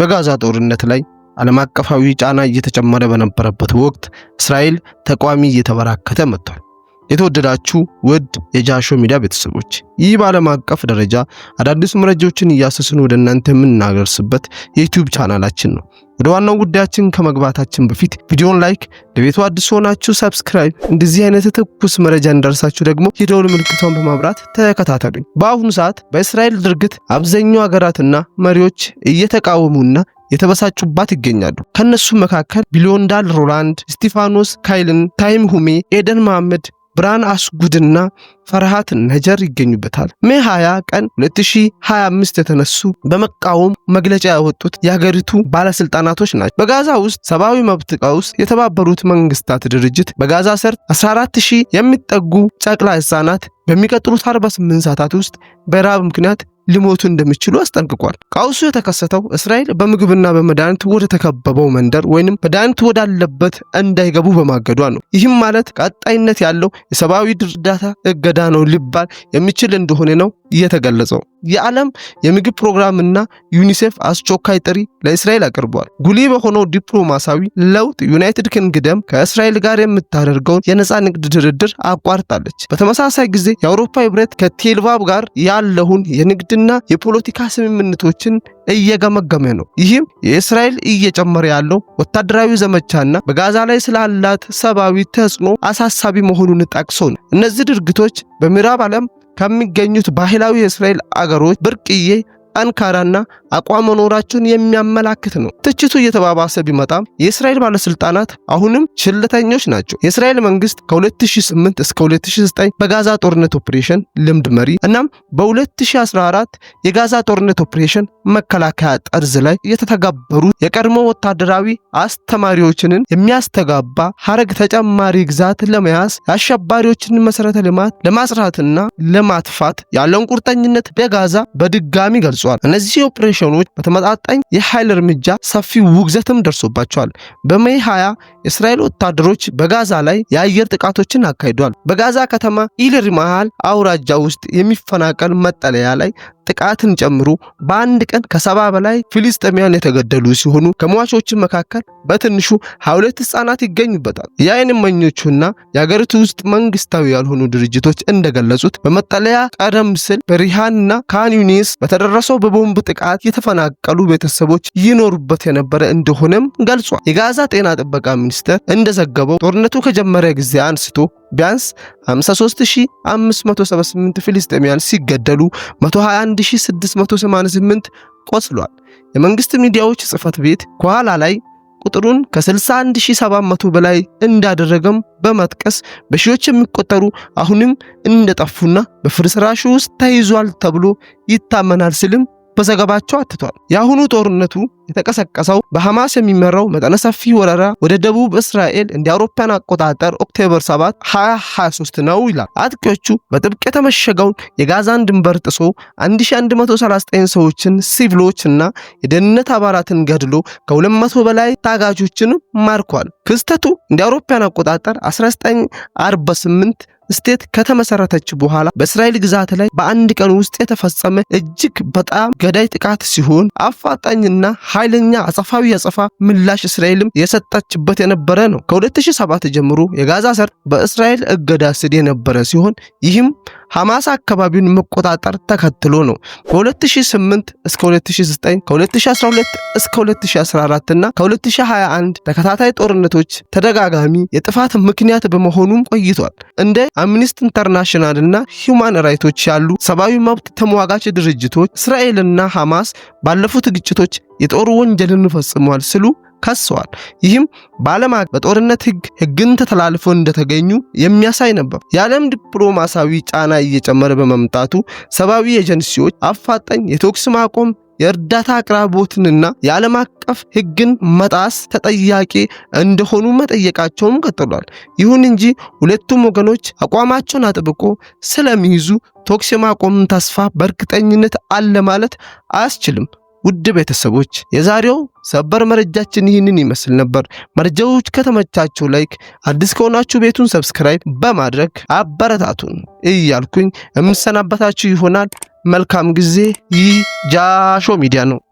በጋዛ ጦርነት ላይ ዓለም አቀፋዊ ጫና እየተጨመረ በነበረበት ወቅት እስራኤል ተቋሚ እየተበራከተ መጥቷል። የተወደዳችሁ ውድ የጃሾ ሚዲያ ቤተሰቦች ይህ በዓለም አቀፍ ደረጃ አዳዲስ መረጃዎችን እያሰስን ወደ እናንተ የምናደርስበት የዩቲዩብ ቻናላችን ነው። ወደ ዋናው ጉዳያችን ከመግባታችን በፊት ቪዲዮን ላይክ፣ ለቤቱ አዲስ ሆናችሁ ሰብስክራይብ፣ እንደዚህ አይነት ትኩስ መረጃ እንደርሳችሁ ደግሞ የደውል ምልክቷን በማብራት ተከታተሉኝ። በአሁኑ ሰዓት በእስራኤል ድርግት አብዛኛው ሀገራትና መሪዎች እየተቃወሙና የተበሳጩባት ይገኛሉ። ከእነሱም መካከል ቢሊዮንዳል ሮላንድ፣ ስቲፋኖስ ካይልን፣ ታይም ሁሜ፣ ኤደን መሐመድ ብርሃን አስጉድና ፈርሃት ነጀር ይገኙበታል። ሜ 20 ቀን 2025 የተነሱ በመቃወም መግለጫ ያወጡት የሀገሪቱ ባለስልጣናቶች ናቸው። በጋዛ ውስጥ ሰብአዊ መብት ቀውስ የተባበሩት መንግስታት ድርጅት በጋዛ ሰርጥ 14000 የሚጠጉ ጨቅላ ህጻናት በሚቀጥሉት 48 ሰዓታት ውስጥ በራብ ምክንያት ሊሞቱ እንደሚችሉ አስጠንቅቋል። ቀውሱ የተከሰተው እስራኤል በምግብና በመድኃኒት ወደ ተከበበው መንደር ወይንም መድኃኒት ወዳለበት እንዳይገቡ በማገዷ ነው። ይህም ማለት ቀጣይነት ያለው የሰብአዊ እርዳታ እገዳ ነው ሊባል የሚችል እንደሆነ ነው እየተገለጸው። የዓለም የምግብ ፕሮግራምና ዩኒሴፍ አስቸኳይ ጥሪ ለእስራኤል አቅርቧል። ጉልህ በሆነው ዲፕሎማሲያዊ ለውጥ ዩናይትድ ኪንግደም ከእስራኤል ጋር የምታደርገውን የነፃ ንግድ ድርድር አቋርጣለች። በተመሳሳይ ጊዜ የአውሮፓ ህብረት ከቴልቫብ ጋር ያለውን የንግድና የፖለቲካ ስምምነቶችን እየገመገመ ነው። ይህም የእስራኤል እየጨመረ ያለው ወታደራዊ ዘመቻና በጋዛ ላይ ስላላት ሰብአዊ ተጽዕኖ አሳሳቢ መሆኑን ጠቅሶ ነው። እነዚህ ድርጊቶች በምዕራብ ዓለም ከሚገኙት ባህላዊ የእስራኤል አገሮች ብርቅዬ አንካራና አቋም መኖራቸውን የሚያመላክት ነው። ትችቱ እየተባባሰ ቢመጣም የእስራኤል ባለስልጣናት አሁንም ችለተኞች ናቸው። የእስራኤል መንግስት ከ2008 እስከ 2009 በጋዛ ጦርነት ኦፕሬሽን ልምድ መሪ እናም በ2014 የጋዛ ጦርነት ኦፕሬሽን መከላከያ ጠርዝ ላይ የተተገበሩ የቀድሞ ወታደራዊ አስተማሪዎችንን የሚያስተጋባ ሀረግ ተጨማሪ ግዛት ለመያዝ የአሸባሪዎችን መሰረተ ልማት ለማስራትና ለማጥፋት ያለውን ቁርጠኝነት በጋዛ በድጋሚ ገልጿል። እነዚህ ኦፕሬሽን ሸሎች በተመጣጣኝ የኃይል እርምጃ ሰፊ ውግዘትም ደርሶባቸዋል። በሜይ 20 የእስራኤል ወታደሮች በጋዛ ላይ የአየር ጥቃቶችን አካሂዷል። በጋዛ ከተማ ኢልሪ መሃል አውራጃ ውስጥ የሚፈናቀል መጠለያ ላይ ጥቃትን ጨምሮ በአንድ ቀን ከሰባ በላይ ፊልስጤማውያን የተገደሉ ሲሆኑ ከሟቾችን መካከል በትንሹ 22 ህጻናት ይገኙበታል። የአይን እማኞቹና የአገሪቱ ውስጥ መንግስታዊ ያልሆኑ ድርጅቶች እንደገለጹት በመጠለያ ቀደም ሲል በሪሃንና ካን በተደረሰው በቦምብ ጥቃት የተፈናቀሉ ቤተሰቦች ይኖሩበት የነበረ እንደሆነም ገልጿል። የጋዛ ጤና ጥበቃ ሚኒስቴር እንደዘገበው ጦርነቱ ከጀመረ ጊዜ አንስቶ ቢያንስ 53578 ፍልስጤማውያን ሲገደሉ 121688 ቆስሏል። የመንግስት ሚዲያዎች ጽህፈት ቤት ከኋላ ላይ ቁጥሩን ከ61700 በላይ እንዳደረገም በመጥቀስ በሺዎች የሚቆጠሩ አሁንም እንደጠፉና በፍርስራሹ ውስጥ ተይዟል ተብሎ ይታመናል ሲልም በዘገባቸው አትቷል። የአሁኑ ጦርነቱ የተቀሰቀሰው በሐማስ የሚመራው መጠነ ሰፊ ወረራ ወደ ደቡብ እስራኤል እንደ አውሮፓን አቆጣጠር ኦክቶበር 7 2023 ነው ይላል። አጥቂዎቹ በጥብቅ የተመሸገውን የጋዛን ድንበር ጥሶ 1139 ሰዎችን ሲቪሎች እና የደህንነት አባላትን ገድሎ ከ200 በላይ ታጋቾችን ማርኳል። ክስተቱ እንደ አውሮፓን አቆጣጠር 1948 ስቴት ከተመሰረተች በኋላ በእስራኤል ግዛት ላይ በአንድ ቀን ውስጥ የተፈጸመ እጅግ በጣም ገዳይ ጥቃት ሲሆን አፋጣኝና ኃይለኛ አጸፋዊ አጸፋ ምላሽ እስራኤልም የሰጠችበት የነበረ ነው። ከ2007 ጀምሮ የጋዛ ሰርጥ በእስራኤል እገዳ ስር የነበረ ሲሆን ይህም ሐማስ አካባቢውን መቆጣጠር ተከትሎ ነው። ከ2008 እስከ 2009 ከ2012 እስከ 2014 እና ከ2021 ተከታታይ ጦርነቶች ተደጋጋሚ የጥፋት ምክንያት በመሆኑም ቆይቷል እንደ አምኒስት ኢንተርናሽናል እና ሂውማን ራይቶች ያሉ ሰብአዊ መብት ተሟጋች ድርጅቶች እስራኤልና ሐማስ ባለፉት ግጭቶች የጦር ወንጀልን ፈጽሟል ሲሉ ከሰዋል። ይህም በዓለም በጦርነት ህግ ህግን ተተላልፎ እንደተገኙ የሚያሳይ ነበር። የዓለም ዲፕሎማሲያዊ ጫና እየጨመረ በመምጣቱ ሰብአዊ ኤጀንሲዎች አፋጣኝ የተኩስ ማቆም የእርዳታ አቅራቦትንና የዓለም አቀፍ ሕግን መጣስ ተጠያቂ እንደሆኑ መጠየቃቸውም ቀጥሏል። ይሁን እንጂ ሁለቱም ወገኖች አቋማቸውን አጥብቆ ስለሚይዙ ተኩስ የማቆም ተስፋ በእርግጠኝነት አለ ማለት አያስችልም። ውድ ቤተሰቦች የዛሬው ሰበር መረጃችን ይህንን ይመስል ነበር። መረጃዎች ከተመቻችሁ ላይክ፣ አዲስ ከሆናችሁ ቤቱን ሰብስክራይብ በማድረግ አበረታቱን እያልኩኝ የምሰናበታችሁ ይሆናል። መልካም ጊዜ። ይህ ጃሾ ሚዲያ ነው።